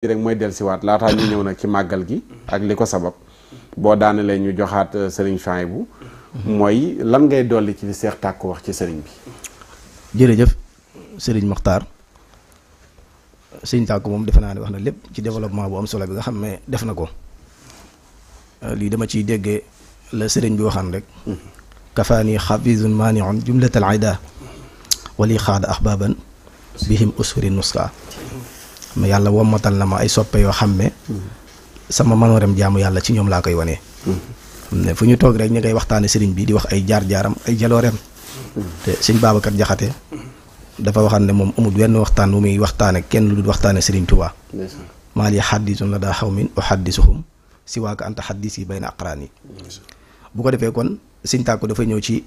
rek moy delsi wat la tax ñu ñëw nak ci magal gi ak liko ko sabab boo daanalee ñu joxat serigne Faye moy lan ngay doli ci cheikh seex wax ci serigne bi jërëjëf serigne Mokhtar serigne tàkk mom defe naa wax na lépp ci développement bu am solo bi nga xam def nako li dama ci déggee le serigne bi waxan rek kafaani xafisun maaniun jumlatal ayda wali khad ahbaban bihim usuri nuska yàlla wommatal na ma ay soppe yoo xam ne sama rem jaamu yàlla ci ñoom laa koy wone xam fu ñu toog rek ñu ngay waxtaane sëriñ bi di wax ay jaar-jaaram ay jalooreem te sëñ Babacar Jaxate dafa waxaan ne moom amul wenn waxtaan bu muy waxtaane kenn lu dul waxtaane sëriñ Tuubaa maa li xaddisum la daa xaw min u xaddisuhum si waaka anta xaddis yi bay na aqraan yi bu ko defee kon sëñ tàkku dafa ñëw ci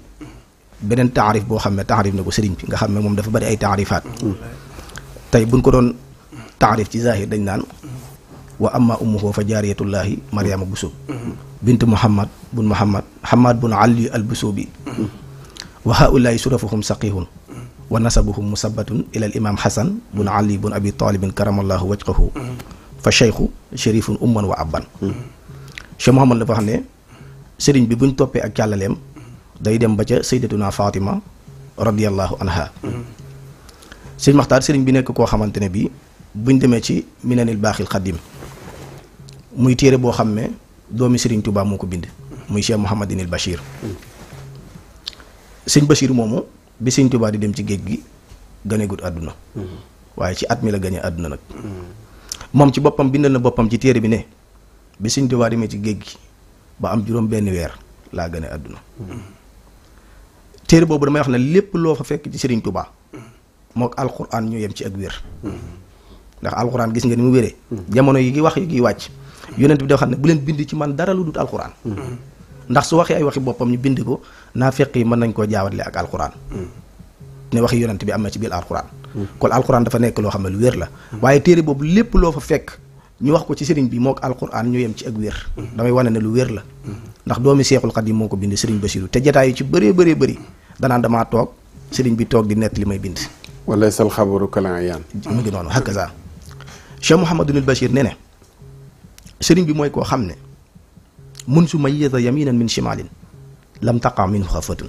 beneen taarif boo xam ne taarif na ko sëriñ bi nga xam ne moom dafa bari ay taarifaat hmm. tey تعرف تزاهر دينان وأما أمه فجارية الله مريم بسوب بنت محمد بن محمد حماد بن علي البسوبي وهؤلاء شرفهم سقيهم ونسبهم مثبت إلى الإمام حسن بن علي بن أبي طالب كرم الله وجهه فالشيخ شريف أما وأبا شيخ محمد لفهني سيرين بي بن توبي أك جالاليم داي ديم سيدتنا فاطمة رضي الله عنها سيرين مختار سيرين بي نيك كو بي buñ demee ci minanil baaxil xadim muy téere boo xam ne doomi Serigne tubaa moo ko bind muy Cheikh Mouhamadinil Bachir sëñ Bachir moomu bi sëñ Touba di dem ci géej gi ganegut àdduna waaye ci at mi la gane àdduna nag moom ci boppam bindal na boppam ci téere bi ne bi sëñ Touba demee ci géej gi ba am juróom benn weer laa gane àdduna téere boobu damay wax ne lépp loo fa fekk ci Serigne Touba mook alquran ñu yem ci ak wér ndax alxuraan gis nga ni mu wéree jamono yi ngi wax yi ngi wàcc yonent bi dafa xam ne bu leen bind ci man dara lu dut alxuraan ndax su waxee ay waxi boppam ñu bind ko naa fekk yi mën nañ koo jaawatle ak alxuraan ne waxi yonent bi am na ci biir alxuraan kon alxuraan dafa nekk loo xam ne lu wér la waaye téere boobu lépp loo fa fekk ñu wax ko ci sëriñ bi moo ko ñu yem ci ak wér damay wane ne lu wér la ndax doomi seexul yi moo ko bind sëriñ Basiru te jataay yu ci bëree bëree bëri danaan damaa toog sëriñ bi toog di nett li may bind wala sal xabaru kalan yaan mu ngi Cheikh Mouhamadul Bachir nene ne sëriñ bi moy ko xamne mun su mayyiza yaminan min shimalin lam taqa min khafatun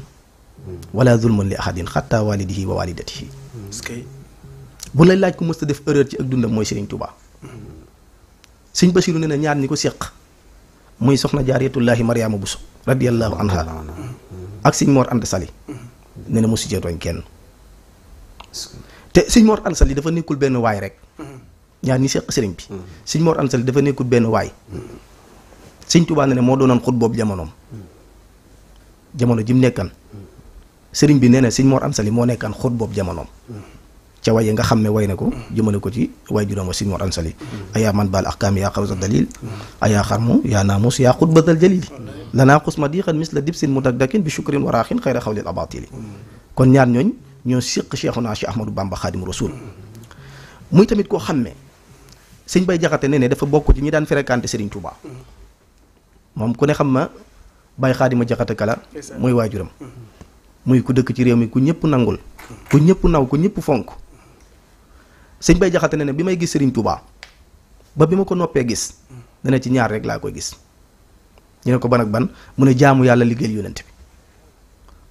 wala zulmun li ahadin hatta walidihi wa walidatihi bu lay laaj ko musta def erreur ci ak dundam moy serigne Touba serigne Bachiru nene ñaar ñi ko soxna jaariyatullahi Mariama Bousso radiyallahu anha ak serigne Mor Anta Sali nene na mosu cee tooñ kenn te serigne Mor Anta Sali dafa nekul ben way rek ñaar ñi seq sëriñ bi sëñ Mor Anta Sali dafa nekkul benn waay sëñ Tuubaa ne ne moo doonoon xut boobu jamonoom jamono ji mu nekkan sëriñ bi nee na sëñ Mor Anta Sali moo nekkaan xut boobu jamonoom ca waye nga xam ne way na ko jëmale ko ci waay juróom wa sëñ Mor Anta Sali ayaa man baal ahkaami yaa xawsa dalil ayaa xarmu yaa naamus yaa xut badal jalil lanaa xusma diixan mis la dib sin mu dak dakin bi shukrin waraaxin xayra xawlil abatili kon ñaar ñooñ ñoo séq Cheikhuna Cheikh Ahmadou Bamba Xaadim Rasul muy tamit koo xam ne sëñ bay Jaxate ne ne dafa bokk ci ñu daan fréquenté Serigne Touba moom ku ne xam ma Baye Xaadima Jaxate Kala mooy waajuram mm-hmm. muy ku dëkk ci réew mi ku ñëpp nangul ku ñëpp naw ku ñëpp fonk sëñ Baye Jaxate ne ne bi may gis Serigne Touba ba bi ma ko noppee gis dana ci ñaar rek laa koy gis ñu ko ban ak ban mu ne jaamu yàlla liggéeyal yonent bi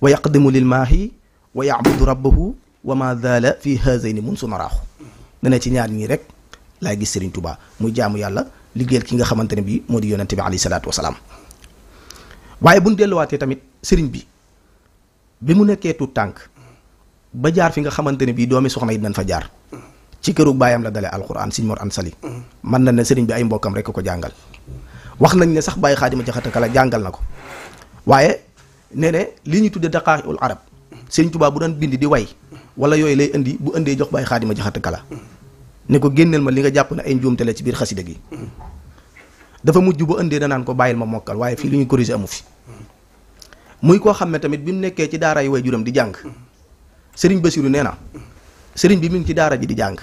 wa yaqdimu lil maahi wa yaabudu rabbahu wa ma zaala fi haazayni mun su naraaxu dana ci ñaar ñii rek laay gis sëriñ Touba muy jaamu yàlla liggéeyal ki nga xamante ne bii moo di yonente bi alayhi salaatu wasalaam waaye bu ñu delluwaatee tamit sëriñ bi bi mu nekkee tuut tànk ba jaar fi nga xamante ne bii doomi soxna yi dinañ fa jaar ci këru baayam la dalee alquran Sëriñ Mor Anta Sali mën na ne sëriñ bi ay mbokkam rek ko jàngal wax nañ ne sax bàyyi xaadima jaxata kala jàngal na ko waaye nee ne li ñu tudde daqaaxul arab Serigne Touba bu doon bind di way wala yooyu lay indi bu indee jox bàyyi xaadima jaxata kala ne ko génneel ma li nga jàpp ne ay njuumte la ci biir xasida gi dafa mujj bu indee na naan ko bàyyil ma mokkal waaye fii lu ñu corrigé amu fi muy koo xam ne tamit bi mu nekkee ci daara yi way juram di jàng sëriñ Basiru nee na sëriñ bi mu ngi ci daara ji di jàng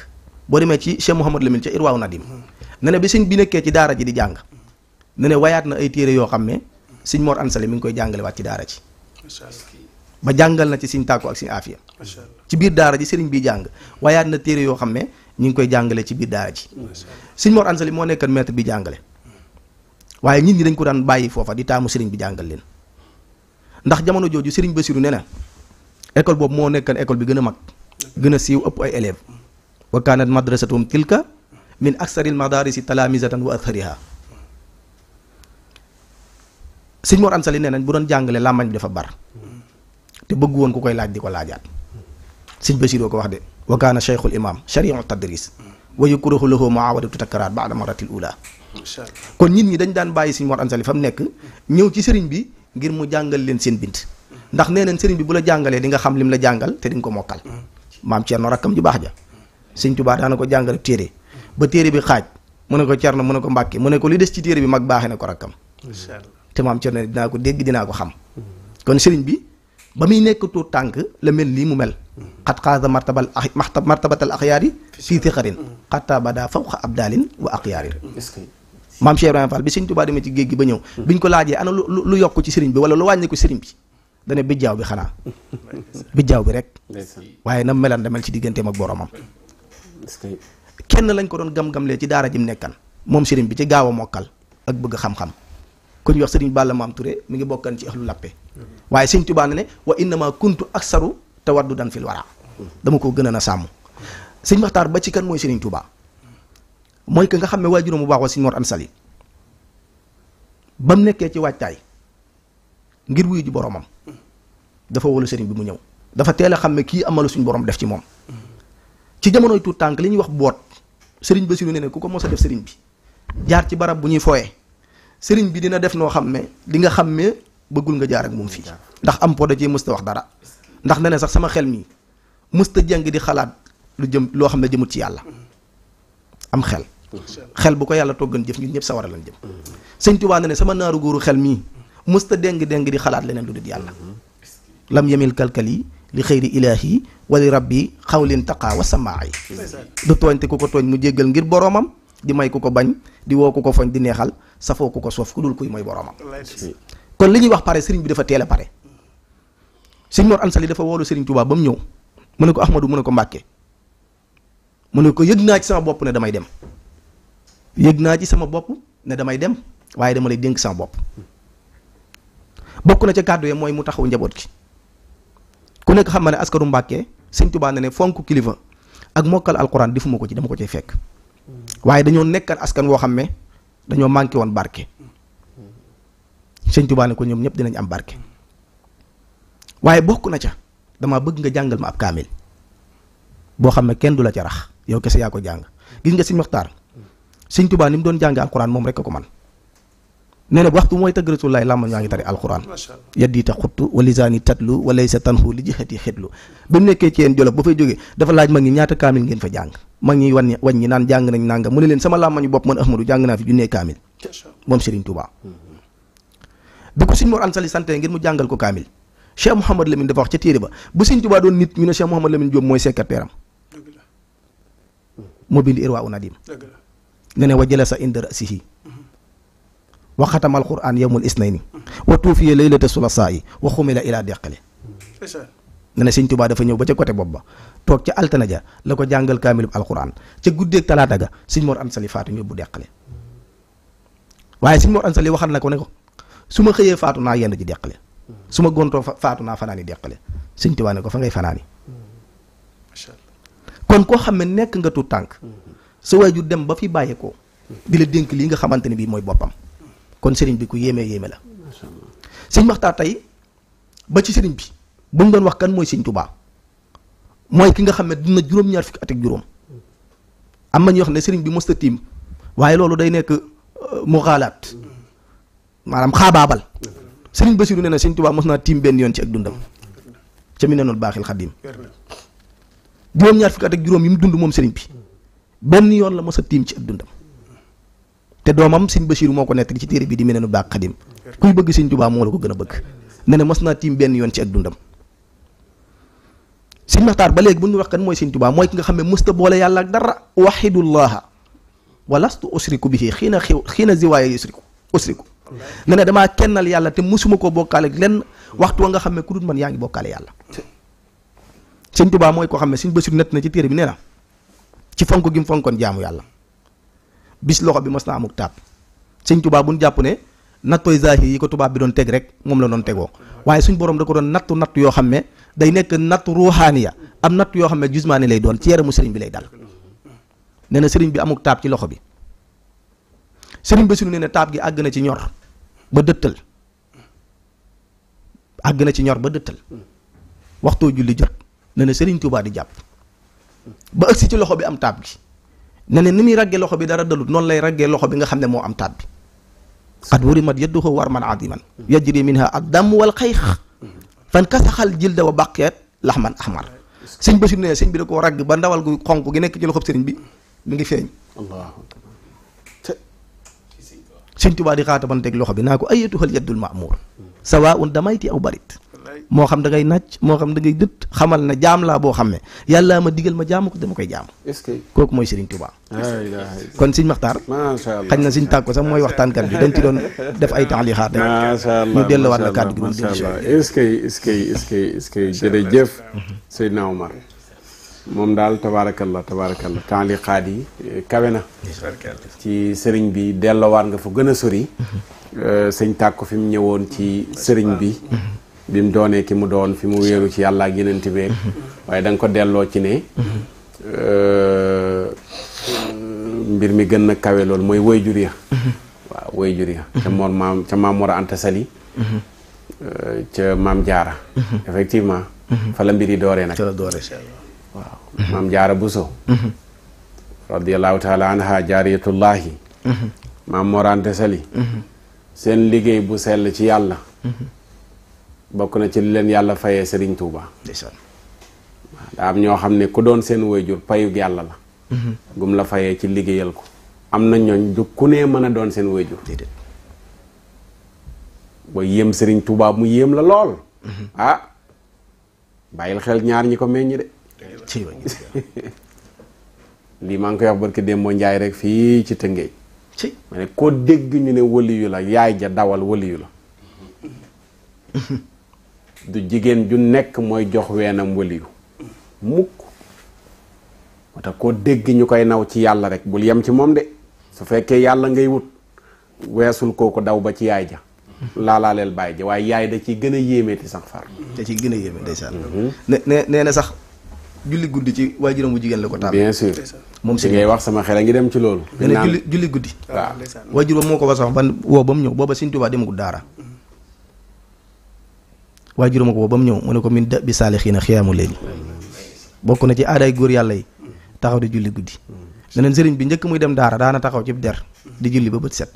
boo demee ci Cheikh Mouhamad Lamine ca Irwaaw Nadim ne ne bi sëñ bi nekkee ci daara ji di jàng ne ne wayaat na ay téere yoo xam ne sëñ Mor Ansale mi ngi koy jàngalewaat ci daara ji ba jàngal na ci sëñ tàkku ak sëñ aafiya ci biir daara ji sëriñ bi jàng wayaat na téere yoo xam ne ñu ngi koy jàngale ci biir daara ji sëñ Mor ansali moo nekkoon maître bi jàngale waaye nit ñi dañ ko daan bàyyi foofa di taamu sëriñ bi jàngal leen ndax jamono jooju sëriñ Basiru nee na école boobu moo nekkoon école bi gën a mag gën a siiw ëpp ay élèves wa kaanat madrasatuhum tilka min aksaril madarisi talaamisatan wa akthariha sëñ Mor Anta Sali nee nañ bu doon jàngale làmmañ bi dafa bar te bëgg woon ku koy laaj di ko laajaat sëñ Basiru ko wax de wa kaana cheikhul imam chariu tadris wa yukrahu lahu muawadatu takraat baada maratil ula kon nit ñi dañ daan bàyyi suñu Mor Anta fa mu nekk ñëw ci sëriñ bi ngir mu jàngal leen seen bind ndax nee neen sëriñ bi bu la jàngalee di nga xam lim la jàngal te di nga ko mokkal maam Cerno rakkam ju baax ja sëñ Tubaa daana ko téere ba téere bi xaaj mu ne ko Cerno mu ne ko Mbàkke mu ne ko li des ci téere bi mag baaxee ko rakkam te maam Cerno ba muy nekk tuut tànk la mel lii mu mel xat xaasa martabal a martabatal axyaari fii si xarin xattaa badaa fawqa abdaalin wa axyaarin maam Cheikh Ibrahima Fall bi sëñ Tuubaa demee ci géej gi ba ñëw biñ ko laajee ana lu lu yokk ci sëriñ bi wala lu wàññi ko sëriñ bi dane bi xanaa bijjaaw bi rek waaye na melan demel ci digganteem ak boromam kenn lañ ko doon gam-gamlee ci daara jim nekkan moom sëriñ bi ci gaaw a mokkal ak bëgg xam-xam ku ñuy wax sëriñ Balla Maam Touré mi ngi bokkan ci axlu lappe waaye sëñ Tuubaa ne ne ak saru te aksaru tawaddudan fil wara dama ko gën a na sàmm sëñ Maxtaar ba ci kan mooy sëriñ Tuubaa mooy que nga xam ne waajuram mu baax wa Mor Anta Sali nekkee ci waajtaay ngir wuyu ji boromam dafa wóolu sëriñ bi mu ñëw dafa teel xam ne kii amalu suñ borom def ci moom ci jamonoy tuut tànk li ñuy wax boot sëriñ Basiru ne ne ku ko mos a def sëriñ bi jaar ci barab bu ñuy fooyee sëriñ bi dina def noo xam ne li nga xam ne bëggul nga jaar ak moom fii ndax am po da cee mësta wax dara ndax ne ne sax sama xel mii mësta jàng di xalaat lu jëm loo xam ne jëmut ci yàlla am xel xel bu ko yàlla toggan jëf ñun ñëpp sawara lan jëm sëñ Tuubaa ne ne sama naaru góoru xel mii mësta déng-déng di xalaat leneen lu dul yàlla lam yemil kalkal yi li xëyri ilaahi wali rabbi xawlin taqaa wa samaa yi du tooñ te ku ko tooñ mu jéggal ngir boroomam di may ku ko bañ di wow ku ko foñ di neexal safoo ku ko soof ku dul kuy mooy boromam. kon li ñuy wax pare sëriñ bi dafa teel a pare. sëñ Mor Ansali dafa woolu sëriñ Touba ba ñëw mu ne ko Ahmadou mu ne ko Mbàkke mu ne ko yëg naa bopp ne damay dem yëg ci sama bopp ne damay dem waaye dama dénk sama bopp bokk na ca kàddu yi mooy mu taxaw njaboot gi ku nekk xam na ne askaru Mbàkke sëñ Touba na ne fonk kilifa ak mokkal alquran defuma ko ci dama ko cay fekk. waaye dañoo nekkal askan woo xam ne dañoo manqué woon barke sëñ Tuubaa ne ko ñoom ñëpp dinañ am barke waaye bokk na ca damaa bëgg nga jàngal ma ab kaamil boo xam ne kenn du la ca rax yow kese yaa ko jàng gis nga sëñ Maxtaar sëñ Tuubaa ni mu doon jàng alxuraan moom rek a ko man nee na waxtu mooy tëgg rasulullaay làmma ñaa ngi tari alxuraan yaddiita xuttu wa lisaani tatlu wa laysa tanhu li jihati xitlu ba mu nekkee ci yéen jolof ba fay jógee dafa laaj ma ngi ñaata kaamil ngeen fa jàng mag ñi wañ wàññi naan jàng nañ nanga mu ne leen sama làmmañu bopp man Ahmadou jàng naa fi junnee kaamil moom Serigne Touba bi ko Serigne Mor Anta Sali jàngal ko kaamil Cheikh Mouhamad Lamine dafa wax ca ba bu Serigne Touba doon nit ñu ne Cheikh Mouhamad Lamine Diop mooy secrétaire am moo bind Irwa Unadim ne ne wa jalasa inda rasihi wa xatama alquran yawmul isnayni wa tuufiya laylata sulasaa yi wa xumila ila deqale ne na sëñ Tuubaa dafa ñëw ba ca côté bopp ba toog ca altana ja la ko jàngal kaamilub alxuraan ca guddeeg talaata ga sëñ Mor Anta Sali faatu ñëbbu deqale waaye sëñ Mor Anta Sali waxal na ko ne ko su ma xëyee faatu naa yenn ji deqale su ma gontoo faatu naa fanaani deqale sëñ Tuubaa ne ko fa ngay fanaani kon koo xam ne nekk nga tu tànk sa waajur dem ba fi bàyyeekoo di la dénk lii nga xamante ne bii mooy boppam kon sëriñ bi ku yéeme yéeme la sëñ Maxtaar tey ba ci sëriñ bi ba ñu doon wax kan mooy sëñ Touba mooy ki nga xam ne dina juróom-ñaar fukki at ak juróom am na ñuy wax ne sëriñ bi mësta tiim waaye loolu day nekk euh, mu xaalaat maanaam xaabaabal sëriñ Basiru nee na sëñ Touba mos naa tiim benn yoon ci ak dundam ca mi nenoon baaxil xadim juróom-ñaar fukki at mu dund moom sëriñ bi benn yoon la mos a tiim ci ak dundam te doomam sëñ Basiru moo ko nettali ci téere bi di mi nenu baax xadim kuy bëgg sëñ Touba moo la ko gën a bëgg ne na naa tiim benn yoon ci ak dundam sëñ Maxtaar ba léegi bu ñu wax kan mooy sëñ Tuubaa mooy ki nga xam ne mësta boole yàlla ak dara waxidullaha walastu usriku bihi xii na xiw xii na ziwaaye usriku usriku ne ne damaa kennal yàlla te mësuma ko bokkaale ak lenn waxtu wa nga xam ne ku dul man yaa ngi bokkaale yàlla sëñ Tuubaa mooy koo xam ne sëñ Basiru nett na ci téere bi nee na ci fonk gi mu fonkoon jaamu yàlla bis loxo bi mas na amuk taab sëñ Tuubaa bu ñu jàpp ne nattooy zaahir yi ko tubaab bi doon teg rek moom la doon tegoo waaye suñ borom da ko doon nattu natt yoo xam ne day nek nat ruhaniya am nat yo xamne jismani lay don ci yaram serigne bi lay dal neena serigne bi amuk tab ci loxo bi serigne bi sunu neena tab gi agna ci ñor ba deutal agna ci ñor ba deutal waxto julli jot neena serigne touba di jàpp ba ëgsi ci loxo bi am tab gi neena na ragge loxo bi dara dalut non lay ragge loxo bi nga xamne mo am tab bi قد ورمت يده warman عظيما يجري منها الدم والخيخ fan kasaxal jilda wa baqeet laxman ahmar sëñ Bachir ne sëñ bi da koo ragg ba ndawal gu xonk gi nekk ci loxob sëriñ bi mi ngi feeñ sëñ Tuubaa di xaata banteeg loxo bi naa ko ayatuhal yaddul maamuur sawaun damayte aw barit moo xam da ngay nàcc moo xam da ngay xamal na jaam laa boo xam ne yàllaa ma digal ma jaamu ko dama koy jaamu. est-ce que kooku mooy Serigne Touba. kon Serigne Makhtar. macha allah xañ na Serigne Tàkko sax mooy waxtaan kan bi dañ ci doon def ay taxlixaat. macha allah ñu delluwaat la kàddu gi. macha allah est-ce que est-ce que est-ce que est-ce que jërëjëf Seydina Omar moom daal tabaarakallah tabaarakallah yi eh, kawe na. ci sëriñ bi delluwaat nga fa gën a sori. Mhm. Eh, sëñ Tàkko fi mu ñëwoon ci sëriñ bi. Mhm. bi mu doonee ki mu doon fi mu wéeru ci yàlla ak yeneen mhm. waaye da ko delloo ci ne euh, mbir mi gën na kawe loolu mooy woyjur ya mhm. waaw ya mhm. ca moom maam ca maam Mor Anta Sali euh, ca maam Jaara effectivement fa la mbir yi dooree nag maam Jaara Buso radiallahu taala anha jaariyatullahi maam Mor Anta Sali seen liggéey bu sell ci yàlla bokk na ci leen yàlla fayee Serigne Touba. ndeysaan daa am ñoo xam ne ku doon seen waajur payug yàlla la. Mhm. gum la fayee ci liggéeyal ko. am na ñooñ du ku ne mën a doon seen waajur. déedéet booy yéem Serigne Touba mu yéem la lool. Mhm. ah bàyyil xel ñaar ñi ko meññ de. lii maa ngi koy wax barki njaay rek fii ci Tëngéej. ci ma ne koo dégg ñu ne waliyu la yaay ja dawal waliyu la. Mhm. du jigéen ju nekk mooy jox weenam waliyu mukk moo tax koo dégg ñu koy naw ci yàlla rek bul yem ci moom de su fekkee yàlla ngay wut weesul kooku daw ba ci yaay ja laalaaleel bàyyi ja waaye yaay da ciy gën a yéemeeti sax far da ciy gën a yéeme ndeysaan mhm. ne nee na sax julli guddi ci waajuram bu jigéen la ko taal bien sûr moom si ngay wax sama xel a ngi dem ci loolu nee na julli julli guddi waaw waajuram moo ko wax sax ban woo ba mu ñëw booba Sëñ Tuubaa demagul daara mhm. waajuram ko ba mu ñëw mu ne ko min da bi saalixiina xiyaamu leen bokk na ci aaday góor yàlla yi taxaw di julli guddi neneen sëriñ bi njëkk muy dem daara daana taxaw ci der di julli ba bët set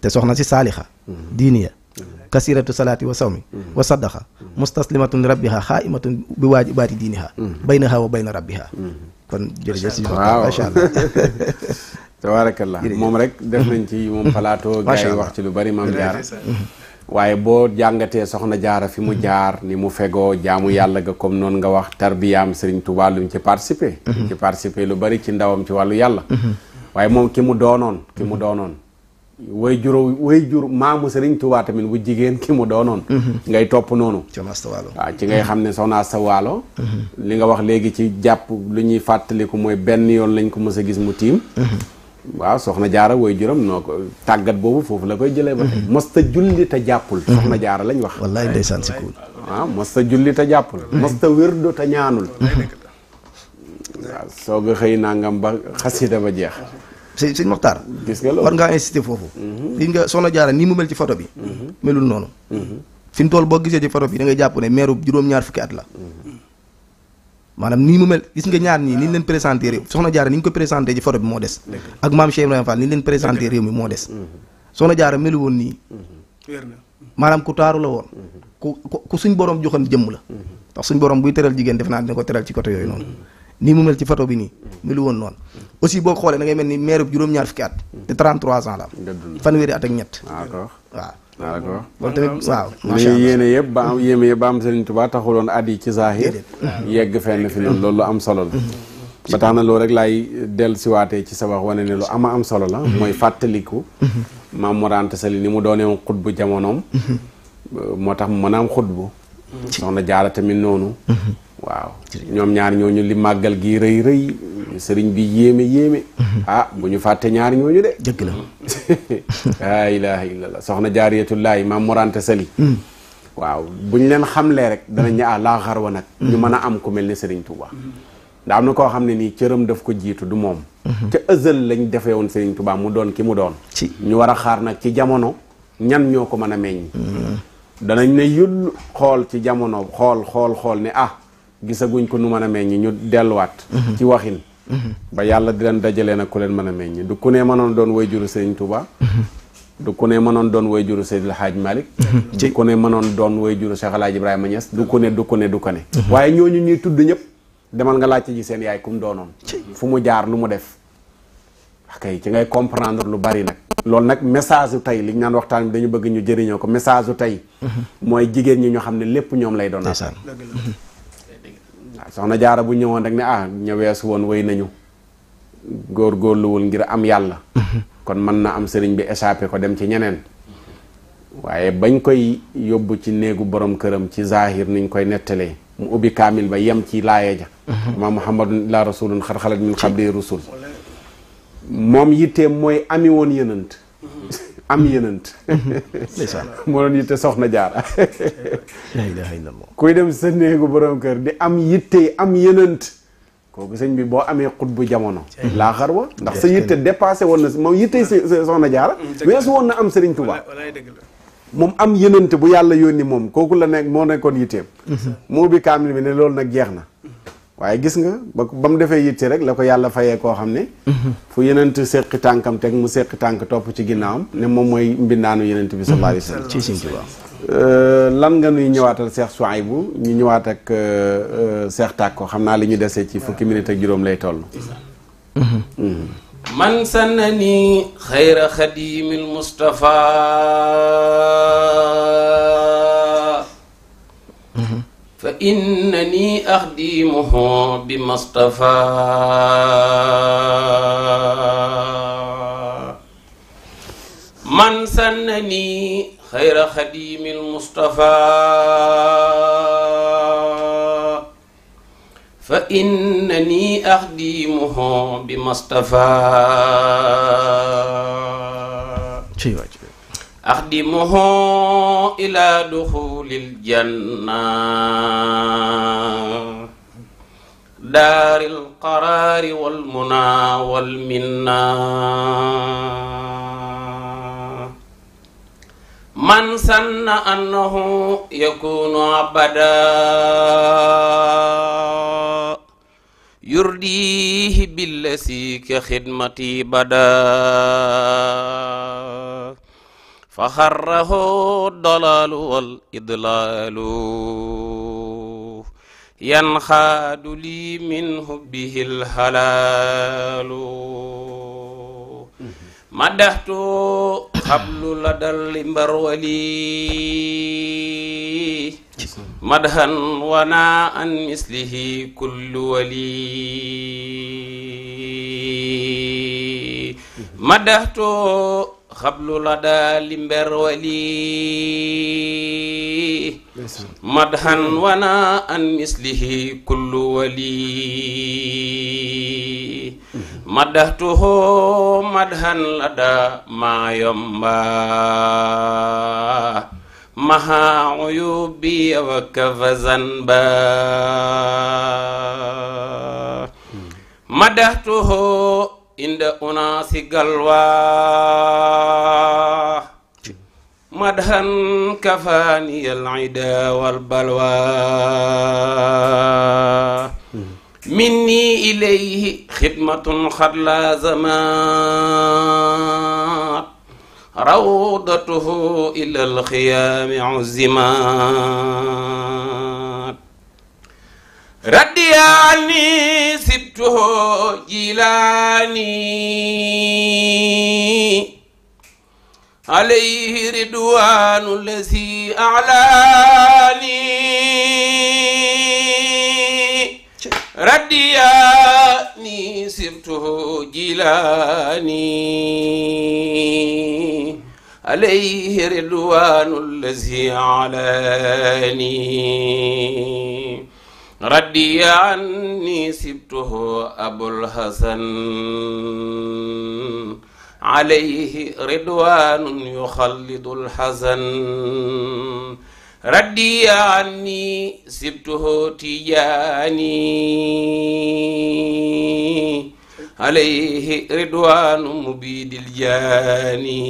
te soxna si saalixa diiniya kasiratu salaati wa sawmi wa saddaxa mustaslimatun rabbiha xaaimatun bi waajibaati diiniha baynaha wa bayna rabbiha kon jërëjëf si macha allah tabaarakallah moom rek def nañ ci moom xalaatoo gars yi wax ci lu bari maam jaar waaye boo jàngatee soxna jaara fi mu mhm. jaar ni mu fegoo jaamu mhm. yàlla ga comme noonu nga wax tarbiyaam Serigne Touba lu ci participé mhm. ci lu bari ci ndawam ci wàllu yàlla waaye moom ki mu doonoon ki mu doonoon way juró way jur maamu Serigne Touba tamit bu jigéen ki mu doonoon ngay topp noonu waaw ci ngay xam ne soxna Asta Waalo li nga wax léegi ci jàpp lu ñuy fàttaliku mooy benn yoon lañ ko mës a gis mu tiim waaw soxna jaara woy juróom noo ko tàggat boobu foofu la koy jëlee ba mm-hmm. mosta julli te jàppul mm-hmm. soxna jaara lañ wax wallaay ndeysaan si kuul waaw ah, mosta julli a jàppul mm-hmm. mosta wérdu te ñaanul waaw soog a xëy nangam ba xasida ba jeex sëñ sëñ Moxtaar gis nga loolu war ngaa insister foofu lii nga soxna jaara nii mu mel ci photo bi melul noonu fi mu boo gisee ci photo bi da ngay jàpp ne meeru juróom-ñaar fukki at la maanaam nii mu mel gis nga ñaar ñii ni ñu leen présenté réew soxna jaara ni ñu ko présenté ci photo bi moo des ak maam Cheikh Ibrahima Fall ni leen présenté réew mi moo des mhm. soxna jaara melu woon nii mhm. maanaam ku taaru la woon mhm. ku ku suñ borom joxoon jëmm la ndax suñ borom buy teral jigéen def naa dina ko teral ci côté yooyu noonu nii mu mel ci photo bi nii melu woon noonu aussi boo xoolee nangay mel ni maire bi juróom-ñaar fukki at te 33 ans la fanweeri at ak ñett d'accord loolu tamit waaw macha allah yéene yëpp ba am yéeme yëpp ba am Serigne Touba taxuloon at yi ci zaahir yegg fenn fi noonu loolu lu am solo la ba tax na laay del siwaatee ci sa wax wane lu ama am solo la mooy fàttaliku maam Mor sa Sali ni mu doonee woon xutbu jamonoom mhm. moo tax mu mën a am xutbu soxna jaara noonu mhm. waaw ñoom ñaar ñooñu li màggal gi rëy rëy sëriñ bi yéeme yéeme mhm. ah bu ñu fàtte ñaar ñooñu de dëgg la laa soxna jaariyatullaahi maam morante sali mm. waaw bu ñu leen xamlee rek danañ ne ah laa xarwa nag mm. ñu mën a am ku mel ne sëriñ Touba mm. ndaa am na koo xam ne nii cëram daf ko jiitu du moom mm-hmm. ca ëzël lañ defe woon sëriñ Touba mu doon ki mu doon ñu war a xaar nag ci jamono ñan ñoo ko mën a meññ mm-hmm. danañ ne yull xool ci jamono xool xool xool ne ah gisaguñ ko nu mën a meññi ñu delluwaat mhm. ci waxin mhm. ba yàlla di leen dajalee nag ku leen mën a meññ du ku ne mënoon doon way juru Sëriñ Tuuba mhm. du ku ne mënoon doon way juru Seydil Hadj Malick du ku ne mënoon doon way juru Cheikh El Hadj Ibrahima Niass du ku ne du ku ne du ku ne waaye ñoo ñu ñuy tudd ñëpp demal nga laajte ji seen yaay kum doonoon fu mu jaar lu mu def kay ci ngay comprendre lu bari nag loolu nag message u tey li ñu naan waxtaan bi dañu bëgg ñu jëriñoo ko message u tey mooy jigéen ñi ñoo xam ne lépp ñoom lay doon soxna jaara bu ñëwoon rek ni ah ñëweesu woon wéy nañu góor góorgóorluwul ngir am yàlla kon mën na am sëriñ bi échappé ko dem ci ñeneen waaye bañ koy yóbbu ci néegu borom këram ci zahir niñ koy nettalee mu ubbi kaamil ba yem ci laaye ja ma muhammadun illa rasulun xarxalat min xabli rusul moom yitteem mooy ami woon yenant am yënant moo doon yitte soxna jaara la ilaha illallah kuy dem sa néegu borom kër di am yitte am yënant kooku sëñ bi boo amee xut bu jamono laa xar wa ndax sa yitte dépassé woon na moom yitte soxna jaara mm, weesu won na am sëriñ Tuubaa moom am yënant bu yàlla yoon yónni moom kooku la nekk moo nekkoon yitteem mm-hmm. moo bi kaamil bi ne loolu nag jeex na mm-hmm. waaye gis nga ba ba mu defee yitte rek la ko yàlla fayee koo xam ne mhm. fu yenent seqi tànkam teg mu seqi tànk topp ci ginnaawam ne moom mooy mbindaanu yenent bi sa alayhi wasallam mhm. ci Sëriñ Tuubaa euh, lan nga nuy ñëwaatal Seex bu ñu ñëwaat ak Seex euh, euh, Tàkko xam naa li ñu desee ci fukki minute ak juróom lay toll mhm. man sannani xayra xadimil Mustafa فإنني أخدمه بمصطفى من سنني خير خديم المصطفى فإنني أخدمه بمصطفى axdimuhu ila duxulil janna daaril qaraari wal muna man sanna annahu yakunu abada yurdihi billasi ka xidmati bada fa xarrahu dolaalu wal idlaalu yanxaadu lii min hubbihi lhalaalu madaxtu xablu ladal mbarwali madhan wana an mislihi kullu wali madaxtu xablu la daali mber wali madhan wana an mislihi kullu wali madahtuhu madhan lada ma yomba maha uyubi wa kafa zanba madahtuhu عند أناس قلوى مدحا كفاني العدا والبلوى مني إليه خدمة قد لا زمان روضته إلى الخيام عزمان ردياني سبته جيلاني عليه رضوان الذي أعلاني ردياني سبته جيلاني عليه رضوان الذي أعلاني ردي عني سبته أبو الحسن عليه رضوان يخلد الحسن ردي عني سبته تياني عليه رضوان مبيد الجاني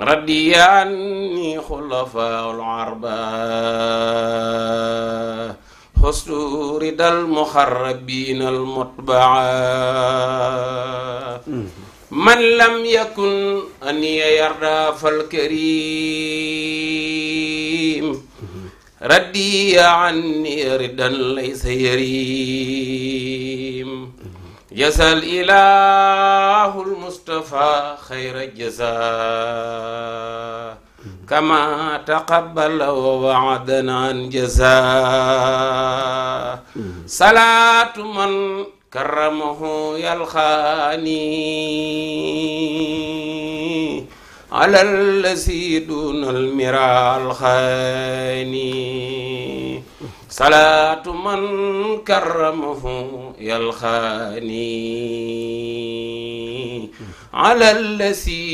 رضي عني خلفاء العرباء خسور رضا المخربين المطبعا من لم يكن أن يرضى فالكريم رضي عني رضا ليس يريم يسال الإله المصطفى خير الجزاء كما تقبل ووعدنا عن جزاء صلاة من كرمه يا على الذي دون المرى الخاني صلاة من كرمه يا الخاني على الذي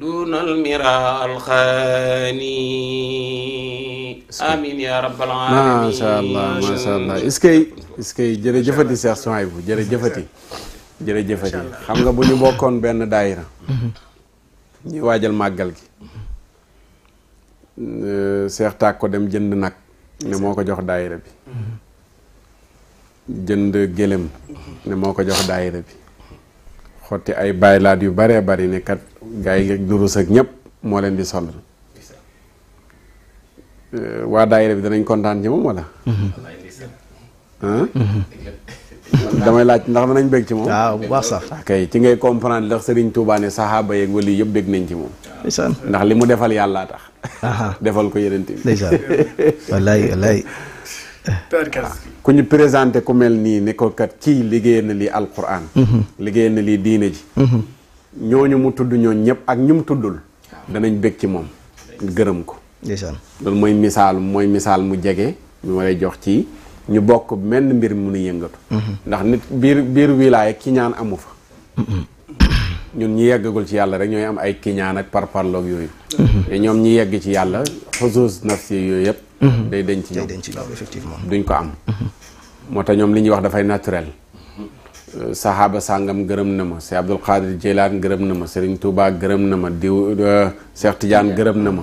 دون المراء الخاني آمين يا رب العالمين ما شاء الله ما شاء الله اسكي اسكي جري جفتي شيخ صهيب جري جفتي جري جفتي خم غا بوني بوكون بن دايره ني واجال ماغال كي شيخ تاكو دم جند ناك ne moo ko jox daayira bi jënd gëlëm ne moo ko jox daayira bi xotti ay baylaat yu baree bari nekkat kat gaa yi durus ak ñëpp moo leen di sol euh, waa daayira bi danañ kontaan ci moom wala damay laaj ndax danañ bég ci moom waaw ah, bu baax sax kay ci ngay comprendre ndax Serigne Touba ne saxaaba yeeg wali yëpp bég nañ ci moom ndax li mu defal yàlla tax defal ko yeneen bi ndeysaan wallaay wallaay ku ñu présenté ku mel nii ni ko kat kii liggéey na lii alquran mhm. liggéey na lii diine ji mhm. ñooñu mu tudd ñooñ ñëpp ak mu tuddul danañ bég ci moom gërëm ko ndeysaan loolu mooy misaal mooy misaal mu jege ñu ma lay jox ci ñu bokk menn mbir mu nu yëngatu mhm. ndax nit biir biir wilaaya ki ñaan amu fa ñun ñi yeggagul ci yàlla rek ñooy am ay kiñaan ak parparloog yooyu mhm. ñoom ñi yegg ci yàlla xusuus nafsi yooyu yëpp mhm. day denc ci ñoom effectivement duñ ko am mhm. moo tax ñoom li ñuy wax dafay naturel euh, saxaaba sàngam gërëm na ma Seex Abdul Xaadir Jeylaan gërëm na ma Sëriñ Tuubaa gërëm na ma diw euh, Seex Tijaan gërëm na ma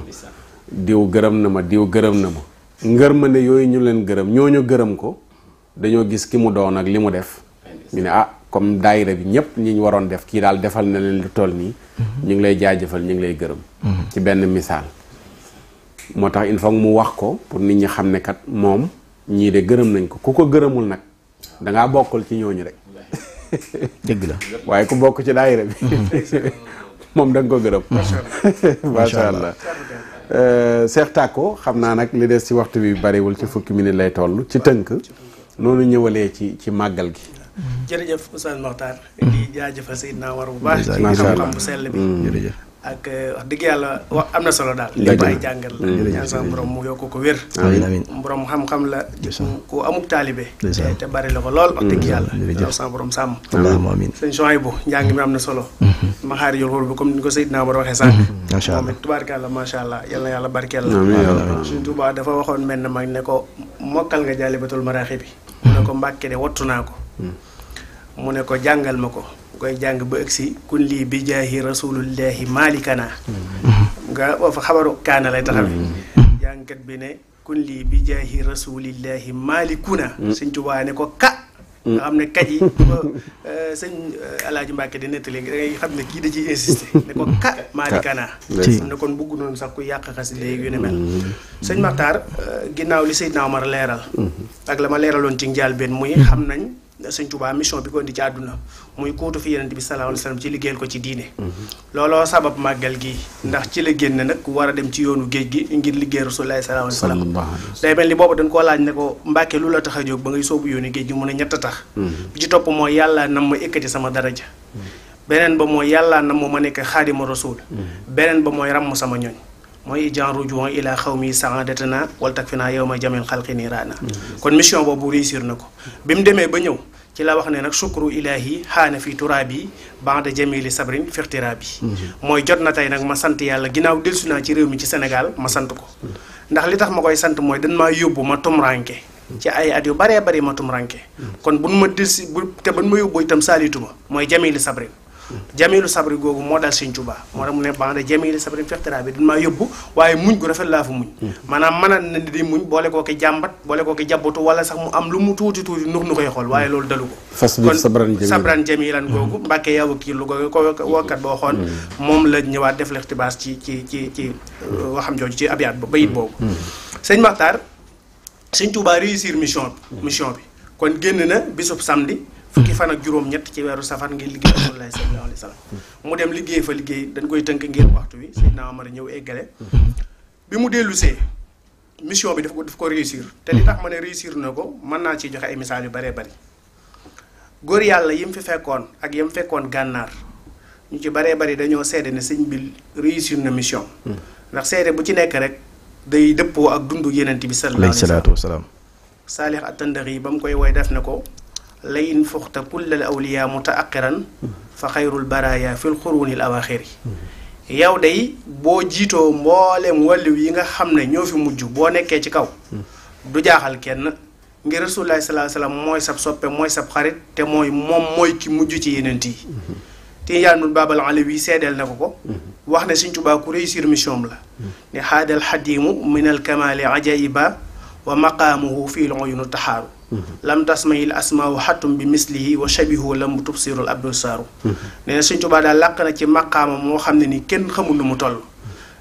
diw gërëm na ma diw gërëm na ma ngërmande yooyu ñu leen gërëm ñooñu gërëm ko dañoo gis ki mu doon ak li mu def ñu ne ah comme daayira bi ñëpp ñi ñu waroon def kii daal defal na leen lu toll nii. Mhm. ñu ngi lay jaajafal ñu ngi lay gërëm. Mhm. ci benn misaal. moo tax il faut mu wax ko pour nit ñi xam ne kat moom ñii de gërëm nañ ko ku ko gërëmul nag da bokkul ci ñooñu rek. dëgg la waaye ku bokk ci daayira bi. moom da ko gërëm. macha allah euh, Cheikh Tako xam naa nag li des ci waxtu bi bariwul ci fukki mi minute lay toll ci tënk. noonu ñëwalee ci ci màggal gi. jërëjëf Oustaz Mokhtar. Mm. di jaajëfal Seydina Omar bu baax. ci xam-xam bu sell bi mm, jërëjëf. ak eh, wax dëgg yàlla wax am na solo daal. lépp ay jàngal la. ñaan mm, sama borom ko wér. amiin borom xam la. ku amuk taalibe. bari la lool wax dëgg yàlla. jërëjëf borom sàmm. amiin sëñ Chouaïbou njàng mi am na solo. Mm-hmm. maxaar yol xool bi comme ni ko Seydina Omar waxee sànq. Mm-hmm. macha allah moom it allah yal yàlla barkeel la. amiin suñ Tuubaa dafa waxoon mel na mag ne ko mokkal nga jaalibatul maraaxi bi. mu ne ko mbàkke de wattu naa ko. mu ne ko jàngal ma ko koy jàng ba ëgsi kun lii bi jaahi rasulullahi maalikana nga boo fa xabaru kaana lay taxawe jàngkat bi ne kun lii bi jaahi rasulillahi maalikuna mm. sëñ Tuubaa ne ko ka mm. nga xam ne kaj eh, sëñ eh, Alaaji Mbàkke di nettali da ngay kii da ciy insisté kon bëgg noonu sax ku yàq xas léegi yu ne mel mm. sëñ Maxtaar eh, ginnaaw li Seydina Omar leeral ak la ma leeraloon ci njaal benn muy xam nañ sëñ tuba mission bi ko indi ci àdduna muy kootu fi yenen bi sallallahu alayhi wasallam ci liggéeyal ko ci diine mhm. looloo sabab màggal gi ndax ci la génn nag war a dem ci yoonu géej gi ngir liggéey rasulullahi sallallahu alayhi wasallam day mel ni boobu dañ koo laaj ne ko mbàkke lu la tax a jóg ba ngay soobu yoonu géej gi mu ne ñett tax mhm. bi ci topp mooy yàlla nam ma ekkati sama daraja mhm. beneen ba mooy yàlla nam ma ma nekk xaadima rasul beneen ba mooy ràmm sama ñooñ mooy genre rujuwan ila xaw mi saadatana wal tak fi naa yow ma jamil xalqi nii raana kon mission boobu réussir na ko bi mu demee ba ñëw ci la wax ne nag sukru ilahi xaana fi turaabi banda jamili sabrin yi mooy jot na tey nag ma sant yàlla ginnaaw dellusi naa ci réew mi ci Sénégal ma sant ko ndax li tax ma koy sant mooy dan maa yóbbu ma tumranke ci ay at yu baree bari ma tumranke kon bu nu ma dellusi bu te ban ma yóbbu itam saalitu ma mooy jamili sabrin jamilu sabri googu moo dal Sëñ Tuubaa moo tax mu ne banda jamilu sabri fextara bi dañ yóbbu waaye muñ gu rafet laa fa muñ mm. maanaam mën a na di muñ boole koo ki jàmbat boole koo ki jabatu wala sax mu am lu mu tuuti tuuti nux nu koy xool waaye mm. loolu dalu ko kon sabran jamilan googu mm. mbàkke yaa wakiilu googu ko wokkat boo xoon moom la ñëwaat def lextibaas ci ci ci ci euh, waxam jooju ci abiyaat ba bayit boobu sëñ Maxtaar Sëñ Tuubaa réussir mission bi mission bi kon génn na bisub samedi fukki fan ak juróom-ñett ci weeru safar ngir liggéey rasulullahi sallallahu alayhi wa mu dem liggéey fa liggéey dañ koy tënk ngir waxtu wi Seydina Omar ñëw eggale bi mu dellusee mission bi daf ko daf ko réussir te ma ne réussir na ko mën naa ci joxe ay yu bëree bëri góor yàlla yi fi fekkoon ak yi mu fekkoon gànnaar ñu ci bëree bëri dañoo seede ne sëñ bi réussir na mission ndax seede bu ci nekk rek day dëppoo ak dundu yenent bi sallallahu alayhi wa sallam saalix attandar yi ba mu koy woy def na ko لئن فخت كل الأولياء متأقرا fa xayrul baraaya fil xuruunil awaaxiri yow day boo jiitoo mboolem wàlliw yi nga xam ne ñoo fi mujj boo nekkee ci kaw du jaaxal kenn ngir rasulullaahi sallallaahu alayhi wa sallam mooy sab soppe mooy sab xarit te mooy moom mooy ki mujj ci yenent yi tiyaanul baabal alawi seedeel na ko ko wax ne Sëñ Tuubaa ku réussir mission la ne xaadal xadiimu minal kamaali ajaiba ومقامه في العيون التحار لم تسمع الاسماء حتى بمثله وشبهه لم تبصر الابصار نيا سيني توبا دا لاقنا سي مقام مو خامن ني كين خامول نمو تول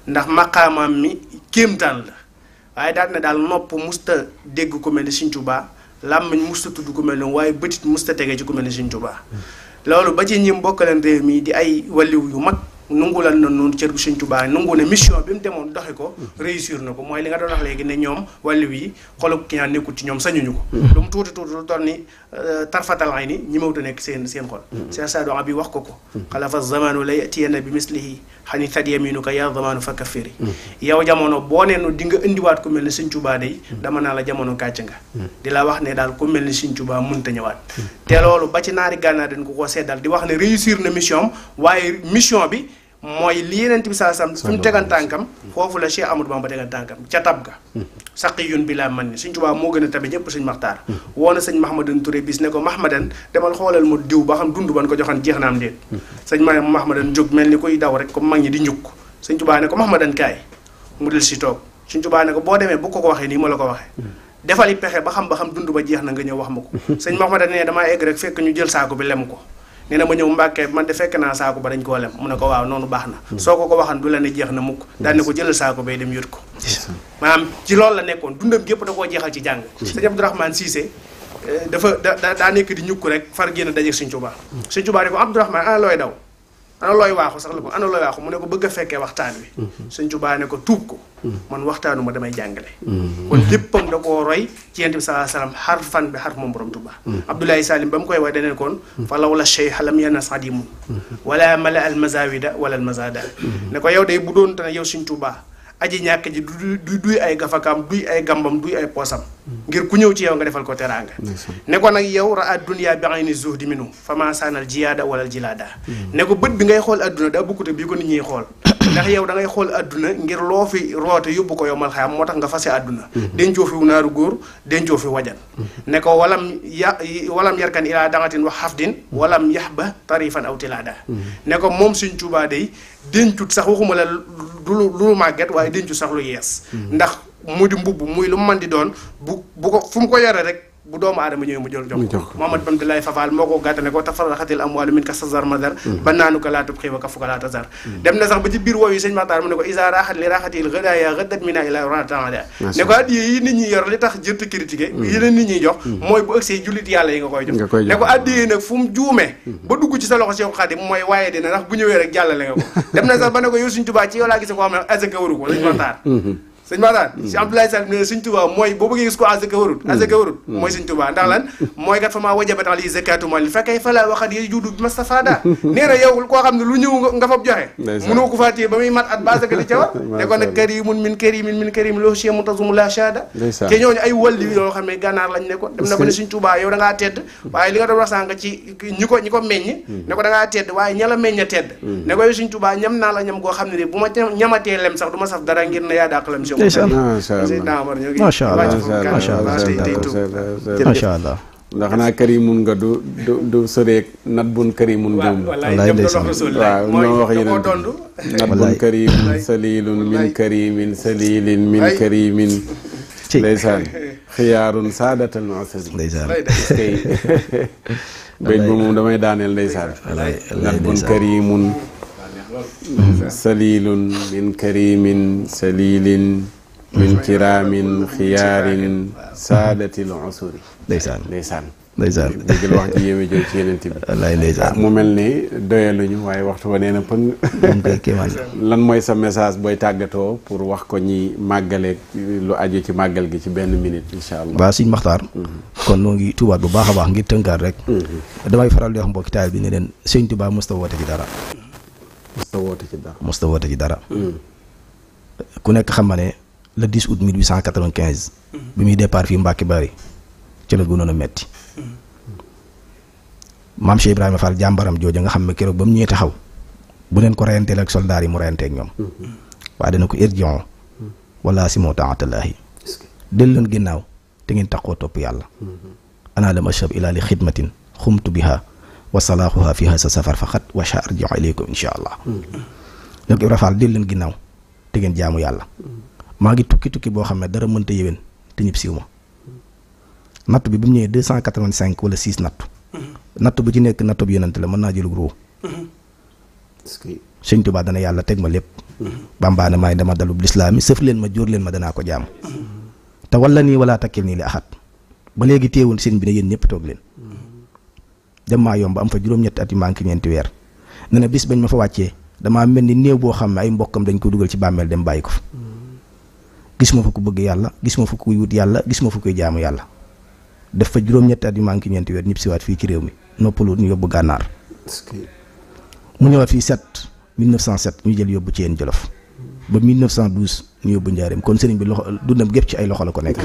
نده مقام مي كيمتان لا واي دا نا دال نوب مستا ديغ كو مل سيني توبا لام مستا تود كو مل واي بتيت مستا تيغي كو مل سيني توبا لولو باجي ني مبوكلان ريمي دي اي وليو يو مك nungulal na noonu cër bu Sëñ Tuubaa nangu ne mission bi mu demoon doxi ko réussir na ko mooy li nga doon wax léegi ne ñoom wàllu wi xolub ki ñaan nekkul ci ñoom sañuñu ko mm-hmm. lu mu tuuti tuuti lu toll ni euh, tarfatalaay ni ñi nekk seen seen xol mm-hmm. Cheikh Saadu Abi wax ko ko xalafa mm-hmm. zamanu la yatiyanna bi mislihi xani tat yaminuka yaa zamanu fa kafiri yow jamono boo nee nu di nga indiwaat ku mel ni Sëñ Tuubaa day dama naa la jamono gàcc nga di la wax ne daal ku mel ni Sëñ Tuubaa mënta ñëwaat te loolu ba ci naari gànnaar dañ ko koo seddal di wax ne réussir na mission am waaye mission bi mooy li yenent bi sallallahu alayhi wasallam fu mu tànkam foofu la Cheikh Amadou Bamba tegan tànkam ca tab ga hmm. saqi yun bi laa man ni suñ Tuubaa moo gën a tabe ñëpp suñ maxtaar hmm. woo na sëñ Mahmadan Touré bis ne ko Mahmadan demal xoolal mu diw ba xam dund ban ko joxan jeex na am déet hmm. sëñ ma Mahmadan jóg mel ni kuy daw rek comme mag ñi di njukk suñ Tuubaa ne ko Mahmadan kaay mu del si toog suñ Tuubaa ne ko boo demee bu ko ko waxee nii ma la ko waxee defali pexe ba xam ba xam dund ba jeex na nga ñëw wax ma ko sëñ Mahmadan ne damaa egg rek ñu jël saako bi lem ko nee na ma ñëw Mbàkke man de fekk naa saako ba dañ koo lem mu ne ko waaw noonu baax na hmm. soo ko ko waxan du la ne jeex na mukk daal ko jëlal saako bay dem yut ko maanaam ci loolu la nekkoon dundam gépp da koo jeexal ci jàng hmm. sëñ Abdourahmane Cissé eh, dafa da da daa nekk di ñukk rek far génn daje Sëñ Tuubaa hmm. Sëñ Tuubaa ne ko Abdourahmane ah looy daw ana looy waaxu sax la ko ana mu ne ko bëgg a fekkee waxtaan wi mhm. sëñ Tuubaa ne ko tuub ko mhm. man waxtaanu ma damay jàngale mhm. kon léppam da koo roy ci yonent bi sallallahu alayhi wasallam xar fan bi xar moom borom Tuubaa Abdoulaye Salim ba mu koy wax daneen koon fa law la cheikh lam yanas adimun wala mala al mazawida wala al mazada ne ko yow day bu doon te ne yow suñ Tuubaa aji ñàkk ji du duy ay gafakaam duy ay gambam duy ay poosam ngir ku ñëw ci yow nga defal ko teraanga ne ko nag yow ra ad dunya bi ayni zuhdi minu fama saanal jiyaada walal jilaada hmm. ne ko bët bi ngay xool adduna daa bukkute bii ko nit ñiy xool ndax yow dangay xool adduna ngir loo fi roote yóbbu ko yow mal xayam moo tax nga fase àdduna hmm. dencoo fi naaru góor dencoo fi wajan hmm. ne ko walam ya walam yarkan ilaa dangatin wax xafdin walam yax ba tarifan aw tilaada ne ko moom suñ Tuubaa day dencut sax waxuma la lu lu màgget waaye dencut sax lu yees. Mm-hmm. ndax mu di mbubb muy lu man di doon bu bu ko fu mu ko yore rek. bu doomu aadama ñëwee mu jël jox ko Mohamad bam di lay fafaal moo ko gàttale ko tafarraxatil amwaalu min ka sazar madar mm. ba naanu ka laa tubxi mm. na sax ba ci biir woow yi sëñ Maxtaar mu ne ko isa raaxat li raaxatil gadaaya ne ko addiye mm. nag fu mu ba dugg ci sa loxo Cheikh Khadim mooy waaye dina ndax bu ñëwee rek jàllale nga ko dem na sax ba ne ko yow suñ tubaa ci yow laa gise ko xam ne asaka waru ko sëñ Maxtaar mm-hmm. sëñ Matar si Abdoulaye Sall ne sëñ Touba mooy boo bëggee ko azaka warut hmm. azaka warut hmm. mooy sëñ hmm. koo xam ne lu ñëw nga fab joxe mënoo ko faatiyee ba muy mat at ba azaka li ca war te na ko ne nga doon ñam naa la ñam goo xam ne bu ma ñamatee lem sax du saf dara ngir na yaa dàq lem si ndeysaan macha allah macha allah macha allah ndax naa karimun nga du du du soreek nat bun karimun jomb wallaay ñoo wax yeneen nat bun karimun salilun min karimin salilin min karimin ndeysaan xiyaarun saadatal mu'assas ndeysaan béy ba moom damay daaneel ndeysaan nat bun karimun salilun min karimin salilin min kiraamin xiyaarin saadatil usuri ndeysaan ndeysaan ndeysaan dégg ndeysaan mu mel ni doyaluñu waaye waxtu ba nee na lan mooy sa message booy tàggatoo pour wax ko ñi màggale lu aju ci màggal gi ci benn minute incha allah waa suñ maxtaar mm-hmm. kon noo ngi tubaat bu baax a baax ngir tënkaat rek mm-hmm. damay faral di wax mbokki taal bi ne leen sëñ Tuubaa mos woote ci dara musta woote ci dara musta woote dara. Hmm. ku nekk xam nga ne le 10 août 1895. bi muy départ fii Mbacke Bari ci la gënoon a metti hmm. maam Cheikh Ibrahima Fall jàmbaram jooju nga xam ne keroog ba mu ñëwee taxaw bu leen ko reyanteel ak soldaar yi mu reyanteeg ñoom. Hmm. waaye dana ko irjion wala si moo taatallaahi del leen ginnaaw te ngeen taxoo topp yàlla. ana lam ashab ilaa li xidmatin xumtu biha وصلاحها في هذا السفر فقط وسأرجع إليكم إن شاء الله. دونك رفع الدين غيناو تيغن جامو يالا ماغي توكي توكي بو خامي دارا مونتا ييبن تي نيب سيوما ناتو بي بيم نيي 285 ولا 6 ناتو ناتو بو جي نيك ناتو يوننت لا مانا جيلو غرو سيغن توبا دانا يالا تيك ما ليب بامبانا ماي داما دالو بالاسلامي سيف لين ما جور لين ما دانا كو جام تا ولا ني ولا تكلني لاحد با ليغي تيون سيغن بي نيب توك لين dama maa yomb am fa juróom-ñetti at yu manqué ñeenti weer ne bis bañ ma fa wàccee dama mel ni néew boo xam ne ay mbokkam dañ ko dugal ci bàmmeel dem bàyyi ko fa gisuma fa ku bëgg yàlla ma fa kuy wut yàlla ma fa ku jaamu yàlla def fa juróom-ñetti at yu manqué ñeenti weer ñib siwaat fii ci réew mi noppalu ñu yóbbu gànnaar mu ñëwaat fii 7 1907 ñu jël yóbbu ci yéen jolof ba 1912 ñu yóbbu njaareem kon sëriñ bi loxo dundam gépp ci ay loxo la ko nekk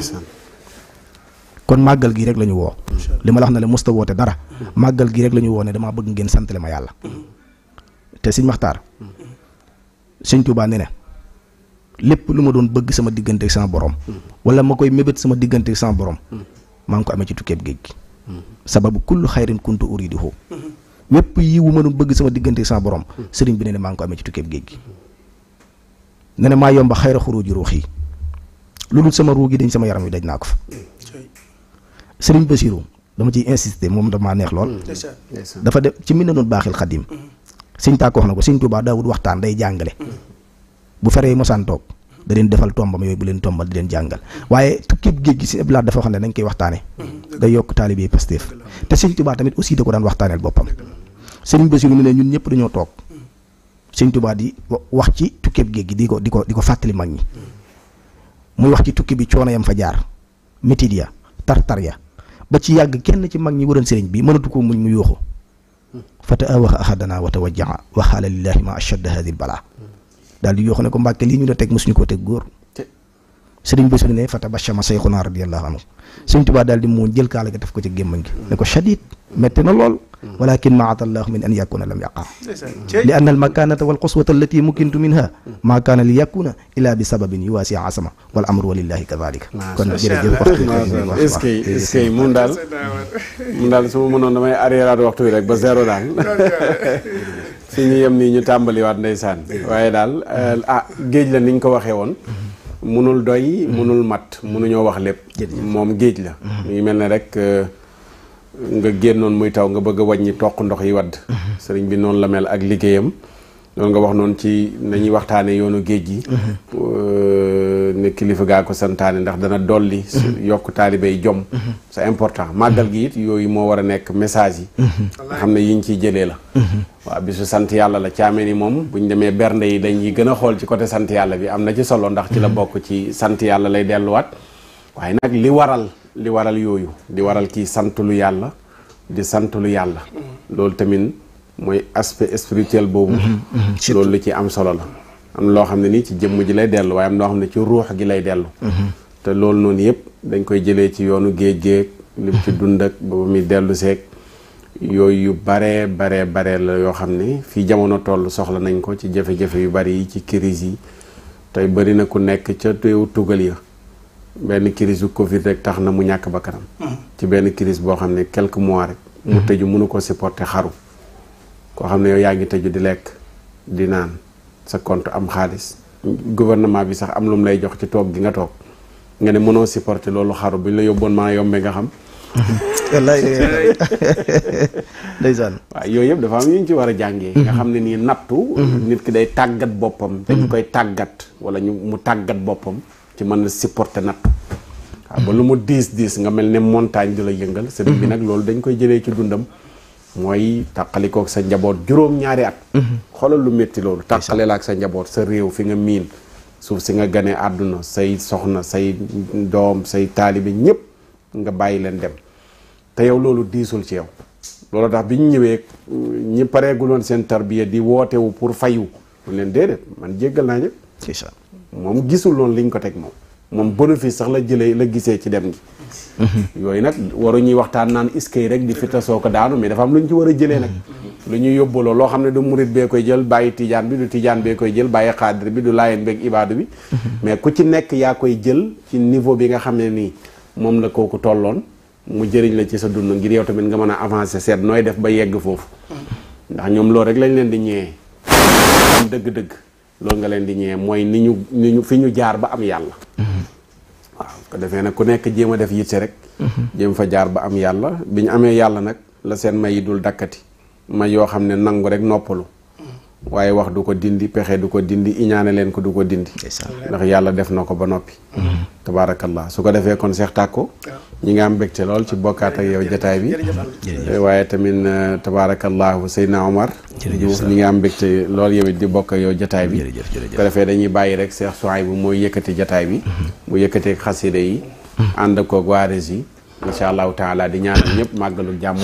kon màggal gii rek la ñu woo li ma la wax ne la mosta woote dara mm-hmm. màggal gi rek la ñu woo ne damaa bëgg ngeen santale ma yàlla mm-hmm. te sëñ Maxtaar mm-hmm. sëñ Tuubaa ne ne lépp lu ma doon bëgg sama diggante ak sama borom wala ma koy mébét sama diggante ak borom maa ngi ko amee ci tukkeeb géej gi sababu kullu xayrin kuntu uriduhu wépp yi wu ma doon bëgg sama diggante ak borom sëriñ bi ne ne maa ngi ko amee ci tukkeeb géej ne ne maa yomba xayra xuruuji ruux yi lu dul sama ruug yi dañ sama yaram wi daj naa ko fa Serigne Bassirou dama ci insisté moom dafa neex lool. dafa de ci Minanul Baaxil Xadim. Sëñ Tàkko wax na ko Sëñ Tuubaa daawut waxtaan day jàngale. bu faree mosaan toog da leen defal tombam yooyu bu leen tombal di leen jàngal waaye képp géej gi si Abdoulaye dafa xam ne nañ koy waxtaane day yokk taalibe Pastef te Sëñ Tuubaa tamit aussi da ko daan waxtaaneel boppam. Sëriñ Bassirou mu ne ñun ñëpp dañoo toog Sëñ Tuubaa di wax ci tukkib géej gi di ko di ko di ko fàttali mag ñi muy wax ci tukki bi coono yam fa jaar métidia tartar ya ba ci yàgg kenn ci mag ñi waroon sëriñ bi mënatu ko muñ mu yooxu fata awaxa ahadana wa tawajjaa wa xaala lillahi ma ashadda hadi balaa daal di yooxu ne ko mbàkke lii ñu la teg mosuñu koo teg góor sëriñ bi su ne fata bashama sayxuna radiallahu anhu سيدنا توبا دال دي مون جيل كالا داف كو سي گيمنگ نكو شديد متنا لول ولكن ما عطى الله من ان يكون لم يقع لان المكانه والقسوه التي مكنت منها ما كان ليكون الا بسبب يواسي عصمة والامر لله كذلك كون جير جير وقت اسكي اسكي مون دال مون دال سو مون داماي اريرات وقت وي رك با زيرو دال سيني يم ني ني تامبالي وات ندسان واي دال ا گيج لا نين كو واخي munul doy hmm. munul mat munuñoo wax lépp moom géej la mu hmm. mel na rek euh, nga génnoon muy taw nga bëgg a wàññi toq ndox yi wadd hmm. sëriñ bi noonu la mel ak liggéeyam loolu nga wax noonu ci nañuy waxtaane yoonu géej gi euh, ne kilifa gaa ko santaane ndax dana dolli. Mhm. yokk taalibe yi jom. Mhm. c'est important màggal gi it yooyu moo war a nekk message yi. Mhm. nga xam ne yiñ ciy jëlee la. waa bisu sant yàlla la caameen yi moom buñ demee bernde yi dañ dañuy gën a xool ci côté sant yàlla bi am na ci solo ndax ci la bokk ci sant yàlla lay delluwaat. waaye nag li waral li waral yooyu di waral kii sant lu yàlla di sant lu yàlla. loolu tamit mooy aspect spirituel boobu. loolu lu ci am solo la. am loo xam ne nii ci jëmm ji lay dellu waaye am loo xam ne ci ruux gi lay dellu mhm. te loolu noonu yëpp dañ koy jëlee ci yoonu géej-géeg lim ci dund ak ba muy dellu seeg yooyu yu baree baree bare la yoo xam ne fii jamono toll soxla nañ ko ci jafe-jafe yu bari yi ci crise yi tey bari na ku nekk ca réewu tugal ya benn crise yu Covid rek tax na mu ñàkk ba kanam mhm. ci benn crise boo xam ne quelque mois rek mhm. mu tëju mënu ko supporter xaru koo xam ne yow yaa ngi tëju di lekk di naan sa compte am xaalis gouvernement bi sax am lu mu lay jox ci toog gi nga toog nga ne mënoo supporter loolu xaru bu ñu la yóbboon maa yombe nga xam wallaay ndeysaan yooyu yëpp dafa am ñu ci war a jàngee nga xam ne nii nattu mhm. nit ki day tàggat boppam dañu mhm. koy tàggat wala ñu mu tàggat boppam ci mën na supporter nattu waaw ba lu mu diis diis nga mel ne montagne du la yëngal sëriñ bi mhm. nag loolu dañ koy jëlee ci dundam mooy tàqalikook sa njaboot juróom-ñaari at mhm. xoolal lu métti loolu tàqale la ak sa njaboot sa réew fi nga miin suuf si nga gane àdduna say soxna say doom say taalibe ñëpp nga bàyyi leen dem te yow loolu diisul ci yow loolu tax bi ñu ñëwee ñi pareeguloon seen tarbiya di wootewu pour fayu mu leen déedéet man jéggal naa ñëpp moom gisul loolu liñ ko teg moom moom bénéfice sax la jëlee la gisee ci dem gi yooyu nag waruñuy waxtaan naan iskay rek di fita soo ko daanu mais dafa am lu ñu ci war a jëlee nag lu ñu yóbbaloo loo xam ne du murit bee koy jël bàyyi tijaan bi du tijaan bee koy jël bàyyi xaadir bi du laayeen beeg ibaadu bi mais ku ci nekk yaa koy jël ci niveau bi nga xam ne nii moom la kooku tolloon mu jëriñ la ci sa dund ngir yow tamit nga mën a avancer seet nooy def ba yegg foofu ndax ñoom loolu rek lañ leen di ñëwee dëgg-dëgg loolu nga leen di ñëwee mooy ni ñu ni ñu fi ñu jaar ba am yàlla ko defee nag ku nekk jéem a def yitte rek mhm. jéem fa jaar ba am yàlla bi ñu amee yàlla nag la seen may yi dul dakkati may yoo xam ne nangu rek noppalu waaye wax du ko dindi pexe du ko dindi iñaane leen ko du ko dindi ndax yàlla def na ko ba noppi mm-hmm. tabaarakallah su ko defee kon Seex Tàkko ñi nga am mbégte lool ci bokkaat ak yow jataay bi eh, waaye tamit eh, tabaarakallahu Seydina Omar Diouf ñi nga am mbégte lool yow it di bokk yow jataay bi su ko defee dañuy bàyyi rek Seex Suwaay bu mooy yëkkati jataay bi mm-hmm. mu yëkkatee xasida yi mm-hmm. ànd ak waa Rési incha allahu taala di ñaanal ñëpp màggalu jàmm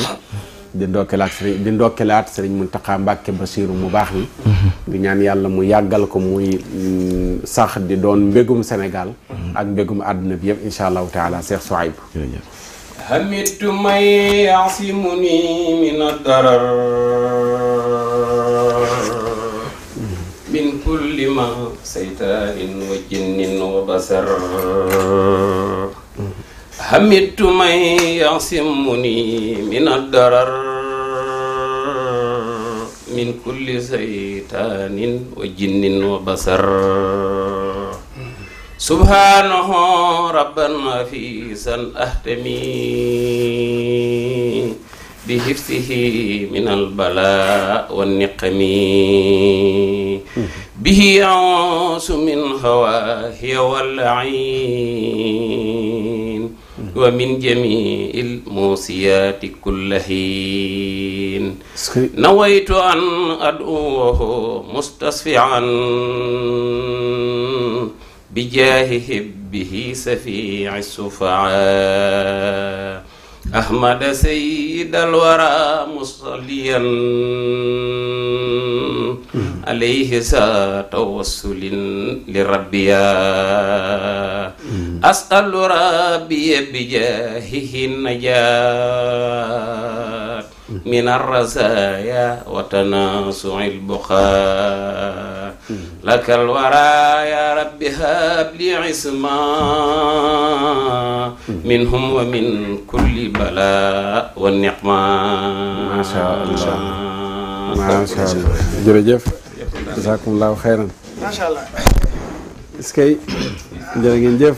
di ndokkelaat sëriñ di ndokkelaat sëriñ Muntaxa mu baax ni mm-hmm. di ñaan yàlla mu yàggal ko muy mm, sax di doon mbegum senegal mm-hmm. ak mbegum àdduna bi yëpp incha allahu taala Cheikh Souaib hamidtu may yaasimuni min addarar mm-hmm. min kulli ma saytaanin wa jinnin wa basar همدت من يعصمني من الضرر من كل شيطان وجن وبصر سبحانه ربا سن أهتمي بحفظه من البلاء والنقم به أعوص من هواه واللعين ومن جميع الموصيات كل حين نويت أن أدعوه مستصفعا بجاه به سفيع السفعاء أحمد سيد الورى مصليا عليه توسل لربيا أسأل ربي بجاهه النجاة من الرزايا وتناصع البخاء لك الورى يا رب هاب لي عصما منهم ومن كل بلاء والنقمة ما شاء الله ما شاء الله جرجف جزاكم الله خيرا ما شاء الله اسكي جرجف